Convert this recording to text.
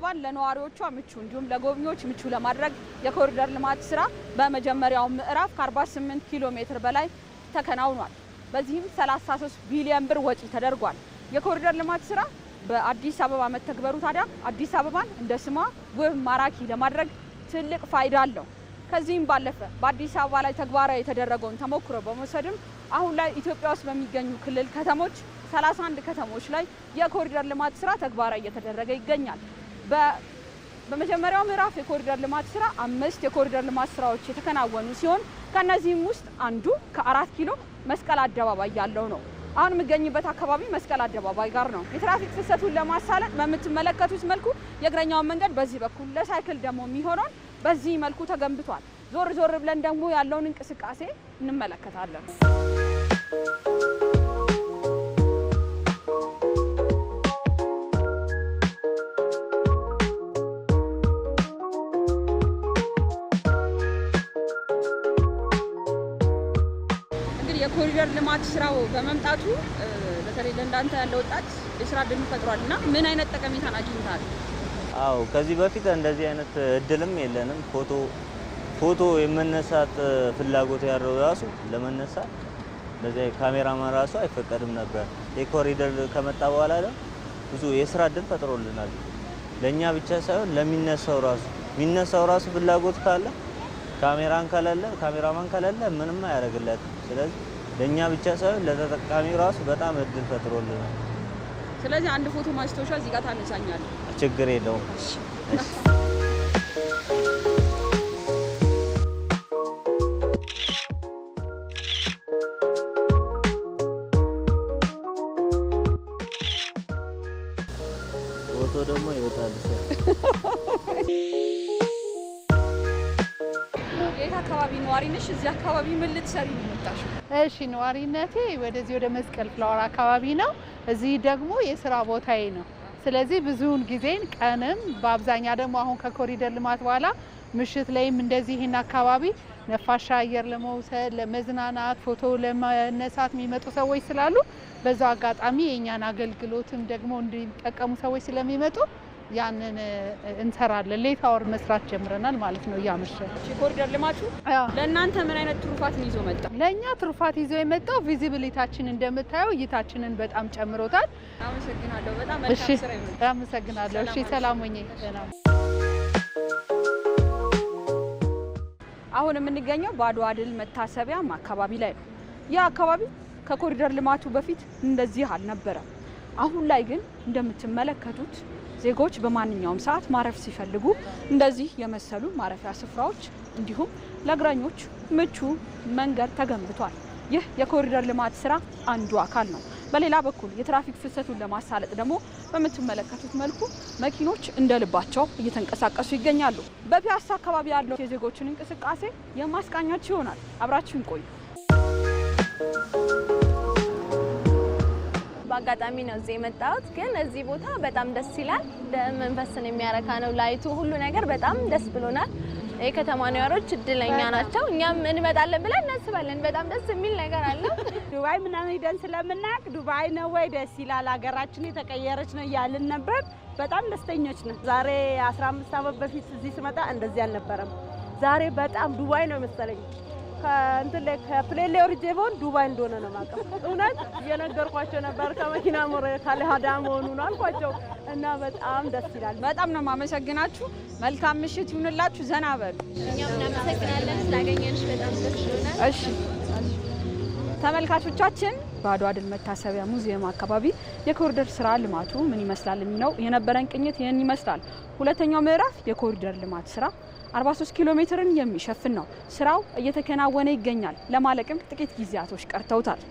አበባን ለነዋሪዎቿ ምቹ እንዲሁም ለጎብኚዎች ምቹ ለማድረግ የኮሪደር ልማት ስራ በመጀመሪያው ምዕራፍ ከ48 ኪሎ ሜትር በላይ ተከናውኗል። በዚህም 33 ቢሊዮን ብር ወጪ ተደርጓል። የኮሪደር ልማት ስራ በአዲስ አበባ መተግበሩ ታዲያ አዲስ አበባን እንደ ስሟ ውብ፣ ማራኪ ለማድረግ ትልቅ ፋይዳ አለው። ከዚህም ባለፈ በአዲስ አበባ ላይ ተግባራዊ የተደረገውን ተሞክሮ በመውሰድም አሁን ላይ ኢትዮጵያ ውስጥ በሚገኙ ክልል ከተሞች 31 ከተሞች ላይ የኮሪደር ልማት ስራ ተግባራዊ እየተደረገ ይገኛል። በመጀመሪያው ምዕራፍ የኮሪደር ልማት ስራ አምስት የኮሪደር ልማት ስራዎች የተከናወኑ ሲሆን ከእነዚህም ውስጥ አንዱ ከአራት ኪሎ መስቀል አደባባይ ያለው ነው። አሁን የምገኝበት አካባቢ መስቀል አደባባይ ጋር ነው። የትራፊክ ፍሰቱን ለማሳለጥ በምትመለከቱት መልኩ የእግረኛውን መንገድ በዚህ በኩል ለሳይክል ደግሞ የሚሆነውን በዚህ መልኩ ተገንብቷል። ዞር ዞር ብለን ደግሞ ያለውን እንቅስቃሴ እንመለከታለን። የኮሪደር ልማት ስራው በመምጣቱ በተለይ ለእንዳንተ ያለ ወጣት የስራ እድል ፈጥሯል እና ምን አይነት ጠቀሜታን አግኝታል? አው ከዚህ በፊት እንደዚህ አይነት እድልም የለንም። ፎቶ ፎቶ የመነሳት ፍላጎት ያለው ራሱ ለመነሳት እንደዚህ ካሜራማን ራሱ አይፈቀድም ነበር። የኮሪደር ከመጣ በኋላ ደግሞ ብዙ የስራ እድል ፈጥሮልናል። ለእኛ ብቻ ሳይሆን ለሚነሳው ራሱ የሚነሳው ራሱ ፍላጎት ካለ ካሜራን ከሌለ ካሜራማን ከሌለ ምንም አያደርግለትም። ስለዚህ ለእኛ ብቻ ሳይሆን ለተጠቃሚው ራሱ በጣም እድል ፈጥሮልናል። ስለዚህ አንድ ፎቶ ማስታወሻ እዚህ ጋር ታነሳኛለህ፣ ችግር የለውም። ፎቶ ደግሞ ይወጣል። አካባቢ ነዋሪ ነሽ? እዚህ አካባቢ ምን ልትሰሪ ነው እሺ፣ ነዋሪነቴ ወደዚህ ወደ መስቀል ፍላወር አካባቢ ነው። እዚህ ደግሞ የስራ ቦታዬ ነው። ስለዚህ ብዙውን ጊዜን ቀንም፣ በአብዛኛ ደግሞ አሁን ከኮሪደር ልማት በኋላ ምሽት ላይም እንደዚህ ይህን አካባቢ ነፋሻ አየር ለመውሰድ ለመዝናናት፣ ፎቶ ለመነሳት የሚመጡ ሰዎች ስላሉ በዛው አጋጣሚ የእኛን አገልግሎትም ደግሞ እንዲጠቀሙ ሰዎች ስለሚመጡ ያንን እንሰራለን። ሌት አወር መስራት ጀምረናል ማለት ነው። እያመሸ ኮሪደር ልማቹ ለእናንተ ምን አይነት ትሩፋትን ይዞ መጣ? ለእኛ ትሩፋት ይዞ የመጣው ቪዚቢሊታችን እንደምታየው እይታችንን በጣም ጨምሮታል። አመሰግናለሁ። በጣም አመሰግናለሁ። እሺ፣ ሰላም ሆኜ አሁን የምንገኘው በአድዋ ድል መታሰቢያም አካባቢ ላይ ነው። ይህ አካባቢ ከኮሪደር ልማቱ በፊት እንደዚህ አልነበረም። አሁን ላይ ግን እንደምትመለከቱት ዜጎች በማንኛውም ሰዓት ማረፍ ሲፈልጉ እንደዚህ የመሰሉ ማረፊያ ስፍራዎች እንዲሁም ለእግረኞች ምቹ መንገድ ተገንብቷል። ይህ የኮሪደር ልማት ስራ አንዱ አካል ነው። በሌላ በኩል የትራፊክ ፍሰቱን ለማሳለጥ ደግሞ በምትመለከቱት መልኩ መኪኖች እንደ ልባቸው እየተንቀሳቀሱ ይገኛሉ። በፒያሳ አካባቢ ያለው የዜጎችን እንቅስቃሴ የማስቃኛቸው ይሆናል። አብራችሁን ቆዩ። አጋጣሚ ነው እዚህ የመጣሁት። ግን እዚህ ቦታ በጣም ደስ ይላል። መንፈስን የሚያረካ ነው። ላይቱ፣ ሁሉ ነገር በጣም ደስ ብሎናል። የከተማ ነዋሪዎች እድለኛ ናቸው። እኛም እንመጣለን ብለን እናስባለን። በጣም ደስ የሚል ነገር አለው። ዱባይ ምናምን ሂደን ስለምናውቅ ዱባይ ነው ወይ ደስ ይላል። ሀገራችን የተቀየረች ነው እያልን ነበር። በጣም ደስተኞች ነው ዛሬ 15 ዓመት በፊት እዚህ ስመጣ እንደዚህ አልነበረም። ዛሬ በጣም ዱባይ ነው መሰለኝ። ከእንትን ላይ ከፕሌን ወርጄ በሆን ዱባይ እንደሆነ ነው የማውቀው። እውነት እየነገርኳቸው ነበር ከመኪና ሞረ ካልሃዳ ነው አልኳቸው እና በጣም ደስ ይላል። በጣም ነው የማመሰግናችሁ። መልካም ምሽት ይሁንላችሁ። ዘና በሉ። እኛም እናመሰግናለን ስላገኘንሽ በጣም ደስ ይላል። እሺ ተመልካቾቻችን በአድዋ ድል መታሰቢያ ሙዚየም አካባቢ የኮሪደር ስራ ልማቱ ምን ይመስላል የሚለው የነበረን ቅኝት ይህን ይመስላል። ሁለተኛው ምዕራፍ የኮሪደር ልማት ስራ 43 ኪሎ ሜትርን የሚሸፍን ነው። ስራው እየተከናወነ ይገኛል። ለማለቅም ጥቂት ጊዜያቶች ቀርተውታል።